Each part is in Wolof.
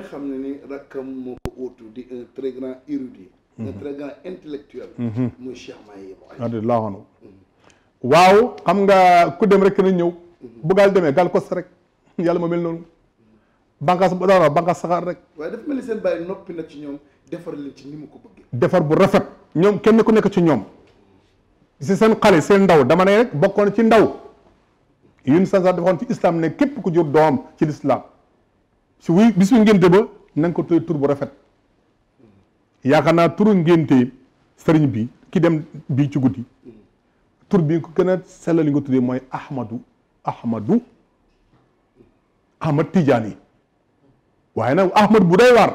ne xam ne ni rakkam moo ko uutu di un mhm. mhm. mhm. waaw xam nga ku dem rek na ñëw bu gaal demee gaal kos rek yàlla ma mel noonu bànqaas bu dara bànqaas saxaar rek waaye dafa mel ni seen bàyyi noppi na ci ñoom defar leen ci ni mu ko bëggee defar bu rafet ñoom kenn ku nekk ci ñoom si seen xale seen ndaw dama ne rek bokkoon ci ndaw yun sansa defoon ci islam ne képp ku jur doom ci lislaam su buy bisu ngénte ba na ko tuddee tur bu rafet yaakaar naa tur ngénte sëriñ bi ki dem bi ci guddi tur bi nga ko gën a sellal li nga tuddee mooy Ahmadu Ahmadu Ahmad Tidiane waaye nag Ahmad bu day waar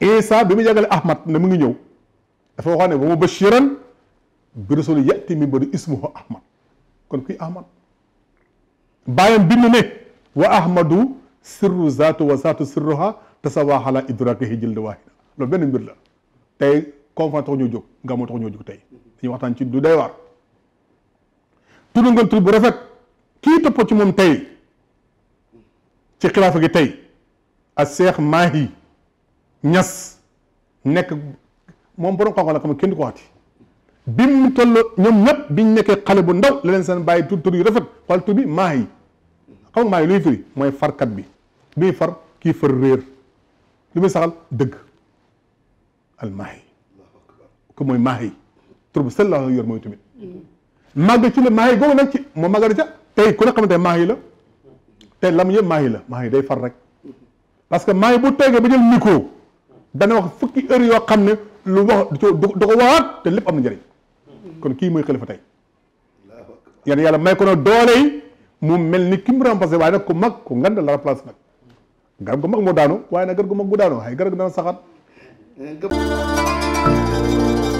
Isa bi muy jàngale Ahmad ne mu ngi ñëw dafa waxoon ne wa mubashiran bi rasul yati min ba'di ismuhu Ahmad kon kuy Ahmad bàyyam bi mu ne wa Ahmadu. sirru zaatu wa zaatu sirruha tasawaa ala idrakihi jëld waahida loolu benn mbir la tey conférence tax ñoo jóg gàmmu tax ñu jóg tey dañuy waxtaan ci du day waar tudd nga tur bu rafet kii topp ci moom tey ci xilaafa gi tey a Cheikh Mahi ñas nekk moom borom xam-xam la xam kenn du ko waxati bi mu toll ñoom ñëpp biñ nekkee xale bu ndaw la leen seen bàyyi tur yi yu rafet xool tur bi Mahi xam nga luy firi mooy farkat bi luy far kii far réer li muy saxal dëgg al maahi mooy maahi tur bu sell la yor mooy tamit màgg ci la maahi googu nag ci moo màggal ca tey ku ne xamante ne maahi la tey lam yëpp maahi la maahi day far rek parce que maahi bu teegee ba jël micro dana wax fukki heure yoo xam ne lu wax du ko waxaat te lépp am na njëriñ kon kii mooy xalifa tey yàlla may ko na doole yi mu mel ni ki mu remplacé waaye nag ko mag ku ngand la remplacé nag garab gu mag moo daanu waaye nag garab gu mag gu daanu ay garab dana saxaat eh,